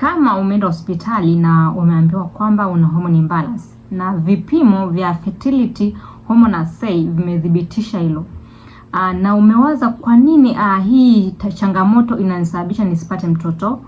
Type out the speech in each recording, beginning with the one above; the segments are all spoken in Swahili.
Kama umeenda hospitali na umeambiwa kwamba una hormone imbalance na vipimo vya fertility hormone assay vimethibitisha hilo ah, na umewaza kwa nini ah, hii changamoto inanisababisha nisipate mtoto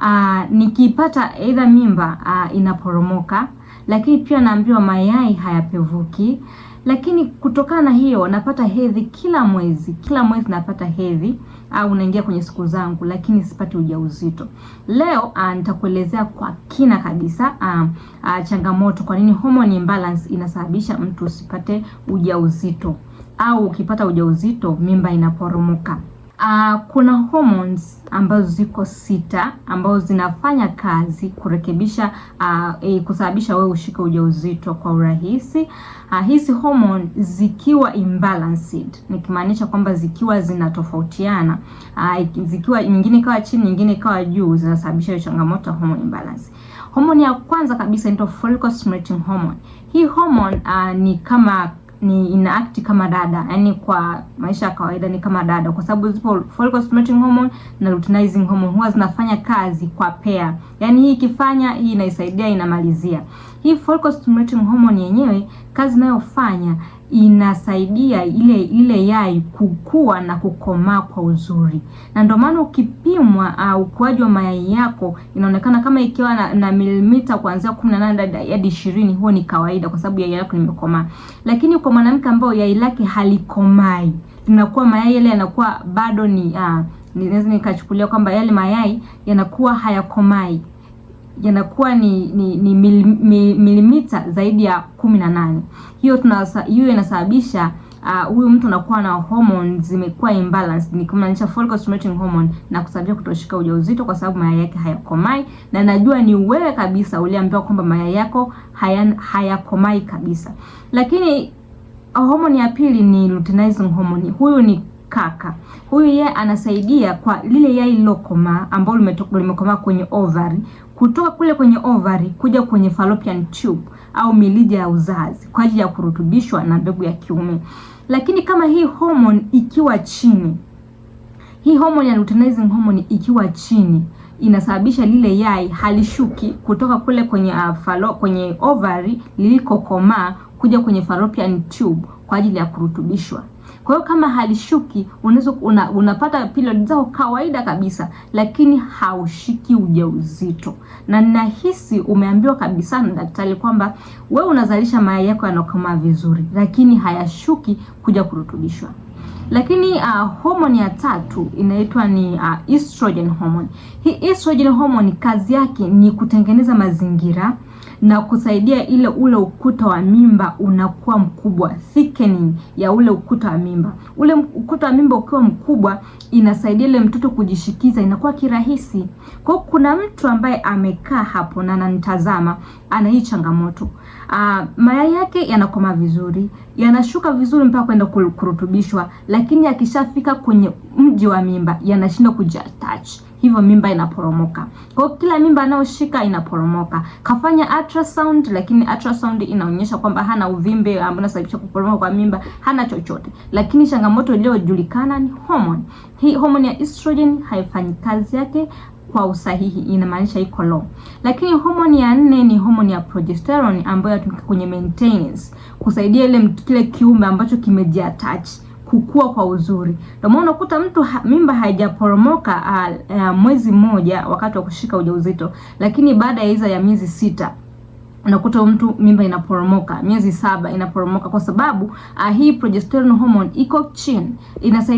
aa, ah, nikipata aidha mimba aa, inaporomoka, lakini pia naambiwa mayai hayapevuki lakini kutokana na hiyo napata hedhi kila mwezi, kila mwezi napata hedhi au naingia kwenye siku zangu, lakini sipati ujauzito. Leo ah, nitakuelezea kwa kina kabisa a, ah, a, ah, changamoto, kwa nini hormone imbalance inasababisha mtu usipate ujauzito au ukipata ujauzito mimba inaporomoka. Uh, kuna hormones ambazo ziko sita ambazo zinafanya kazi kurekebisha uh, e, kusababisha wewe ushike ujauzito kwa urahisi. Uh, hizi hormone zikiwa imbalanced, nikimaanisha kwamba zikiwa zinatofautiana, uh, zikiwa nyingine ikawa chini nyingine ikawa juu, zinasababisha hiyo changamoto hormone imbalance. Hormone ya kwanza kabisa inaitwa follicle stimulating hormone. Hii hormone uh, ni kama ni ina act kama dada, yani kwa maisha ya kawaida ni kama dada, kwa sababu zipo follicle stimulating hormone na luteinizing hormone huwa zinafanya kazi kwa pair, yani hii ikifanya hii inaisaidia, inamalizia. Hii follicle stimulating hormone yenyewe kazi inayofanya inasaidia ile ile yai kukua na kukomaa kwa uzuri, na ndio maana ukipimwa uh, ukuaji wa mayai yako inaonekana kama ikiwa na, na milimita kuanzia 18 hadi 20, huo ni kawaida kwa sababu yai lako limekomaa. Lakini kwa mwanamke ambao yai lake halikomai, inakuwa mayai yale yanakuwa bado ni uh, ninaweza nikachukulia kwamba yale mayai yanakuwa hayakomai yanakuwa ni, ni, ni mil, mil, milimita zaidi ya kumi na nane. Hiyo tunasa, hiyo inasababisha ah, huyu uh, mtu anakuwa na hormone zimekuwa imbalanced, ni kumaanisha follicle stimulating hormone na kusababisha kutoshika ujauzito kwa sababu mayai yake hayakomai, na najua ni wewe kabisa uliambiwa kwamba mayai yako hayakomai haya kabisa. Lakini ah, hormone ya pili ni luteinizing hormone. Huyu ni kaka huyu, yeye anasaidia kwa lile yai lilokomaa ambalo limekomaa kwenye ovary kutoka kule kwenye ovary kuja kwenye fallopian tube au milija ya uzazi kwa ajili ya kurutubishwa na mbegu ya kiume. Lakini kama hii hormone ikiwa chini, hii hormone ya luteinizing hormone ikiwa chini inasababisha lile yai halishuki kutoka kule kwenye uh, falo, kwenye ovary lilikokomaa kuja kwenye fallopian tube kwa ajili ya kurutubishwa. Kwa hiyo kama halishuki unaweza una, unapata period zako kawaida kabisa, lakini haushiki ujauzito. Na ninahisi umeambiwa kabisa na daktari kwamba we unazalisha mayai yako yanakomaa vizuri, lakini hayashuki kuja kurutubishwa. Lakini uh, homoni ya tatu inaitwa ni uh, estrogen hormone. Hii estrogen hormone kazi yake ni kutengeneza mazingira na kusaidia ile ule ukuta wa mimba unakuwa mkubwa, thickening ya ule ukuta wa mimba. Ule ukuta wa mimba ukiwa mkubwa, inasaidia ile mtoto kujishikiza, inakuwa kirahisi. Kwa hiyo kuna mtu ambaye amekaa hapo na ananitazama, ana hii changamoto Uh, mayai yake yanakoma vizuri, yanashuka vizuri mpaka kwenda kurutubishwa, lakini akishafika kwenye mji wa mimba yanashindwa kujiattach hivyo mimba inaporomoka. Kwa hiyo kila mimba anayoshika inaporomoka. Kafanya ultrasound, lakini ultrasound inaonyesha kwamba hana uvimbe ambao unasababisha kuporomoka kwa mimba, hana chochote. Lakini changamoto iliyojulikana ni hormone. Hii hormone ya estrogen haifanyi kazi yake kwa usahihi, inamaanisha iko low. Lakini homoni ya nne ni homoni ya progesterone ambayo inatumika kwenye maintenance, kusaidia ile kile kiumbe ambacho kimejiattach kukua kwa uzuri. Ndio maana unakuta mtu ha, mimba haijaporomoka ah, ah, mwezi mmoja wakati wa kushika ujauzito, lakini baada ya iza ya miezi sita unakuta mtu mimba inaporomoka miezi saba inaporomoka, kwa sababu uh, hii progesterone hormone iko chini,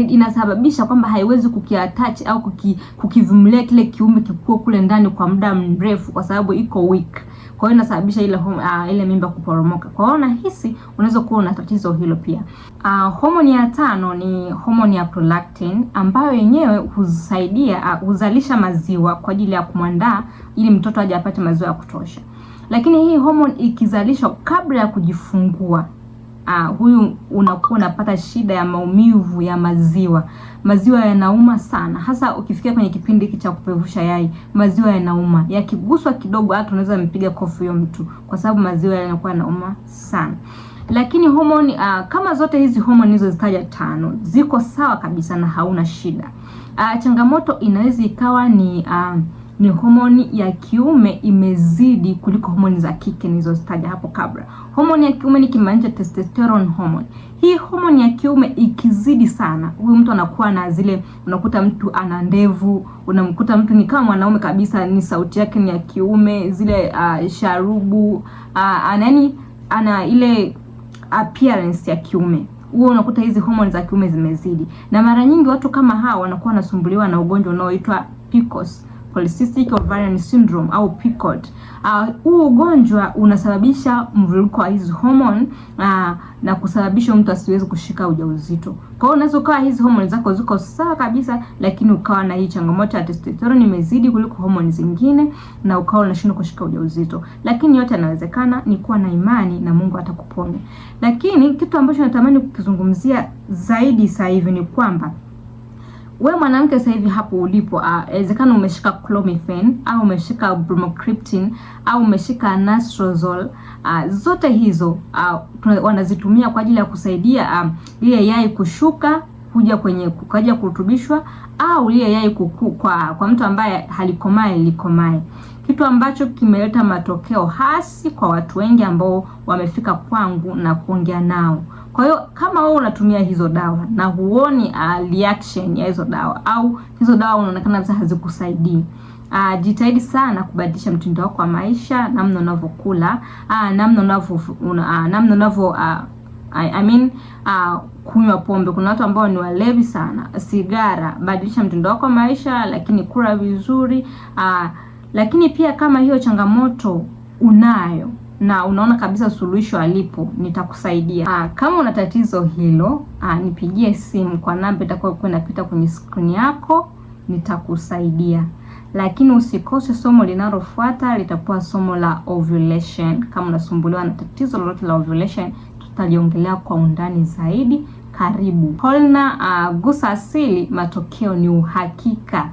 inasababisha kwamba haiwezi kukiattach au kuki, kukivumilia kile kiume kikuo kule ndani kwa muda mrefu, kwa sababu iko weak. Kwa hiyo inasababisha ile uh, ile mimba kuporomoka. Kwa hiyo unahisi unaweza kuwa una tatizo hilo pia. Uh, ah, homoni ya tano ni homoni ya prolactin ambayo yenyewe husaidia uh, huzalisha maziwa kwa ajili ya kumwandaa ili mtoto aje apate maziwa ya kutosha. Lakini hii hormone ikizalishwa kabla ya kujifungua Ah, huyu unakuwa unapata shida ya maumivu ya maziwa. Maziwa yanauma sana, hasa ukifikia kwenye kipindi hiki cha kupevusha yai, maziwa yanauma. Yakiguswa kidogo, hata unaweza mpiga kofi huyo mtu, kwa sababu maziwa yanakuwa yanauma sana. Lakini homoni uh, ah, kama zote hizi homoni hizo zitaja tano ziko sawa kabisa na hauna shida. uh, changamoto inaweza ikawa ni uh, ni homoni ya kiume imezidi kuliko homoni za kike nilizozitaja hapo kabla. Homoni ya kiume ni testosterone hormone. Hii homoni ya kiume ikizidi sana, huyu mtu anakuwa na zile, unakuta mtu ana ndevu, unamkuta mtu ni kama mwanaume kabisa, ni sauti yake ni ya kiume, zile uh, sharubu uh, ah, anani ana ile appearance ya kiume huo unakuta hizi homoni za kiume zimezidi, na mara nyingi watu kama hawa wanakuwa wanasumbuliwa na ugonjwa unaoitwa PCOS polycystic ovarian syndrome au PCOD. Ah, huu uh, ugonjwa unasababisha mvuruko wa hizi hormone uh, na kusababisha mtu asiweze kushika ujauzito. Kwa hiyo unaweza ukawa hizi hormone zako ziko sawa kabisa, lakini ukawa na hii changamoto ya testosterone imezidi kuliko hormone zingine na ukawa unashindwa kushika ujauzito. Lakini yote yanawezekana, ni kuwa na imani na Mungu atakuponya. Lakini kitu ambacho natamani kukizungumzia zaidi sasa hivi ni kwamba we mwanamke sasa hivi hapo ulipo, ah, inawezekana uh, umeshika clomifen au umeshika bromocriptine au umeshika anastrozole uh, ah, zote hizo uh, wanazitumia kwa ajili ya kusaidia um, yai kushuka kuja kwenye kaja kurutubishwa au lile yai kuku, kwa, kwa mtu ambaye halikomae likomae kitu ambacho kimeleta matokeo hasi kwa watu wengi ambao wamefika kwangu na kuongea nao. Kwa hiyo kama wewe unatumia hizo dawa na huoni uh, reaction ya hizo dawa au hizo dawa unaonekana kabisa hazikusaidii, uh, jitahidi sana kubadilisha mtindo wako wa maisha, namna unavyokula, uh, namna unavyo uh, namna unavyo uh, I, I mean uh, kunywa pombe. Kuna watu ambao ni walevi sana, sigara. Badilisha mtindo wako wa maisha, lakini kula vizuri uh, lakini pia kama hiyo changamoto unayo na unaona kabisa suluhisho alipo, nitakusaidia. Aa, ah, kama una tatizo hilo aa, ah, nipigie simu kwa namba itakayokuwa inapita kwenye skrini yako, nitakusaidia. Lakini usikose somo linalofuata, litakuwa somo la ovulation. Kama unasumbuliwa na tatizo lolote la ovulation, tutaliongelea kwa undani zaidi. Karibu Holna. Uh, ah, gusa asili, matokeo ni uhakika.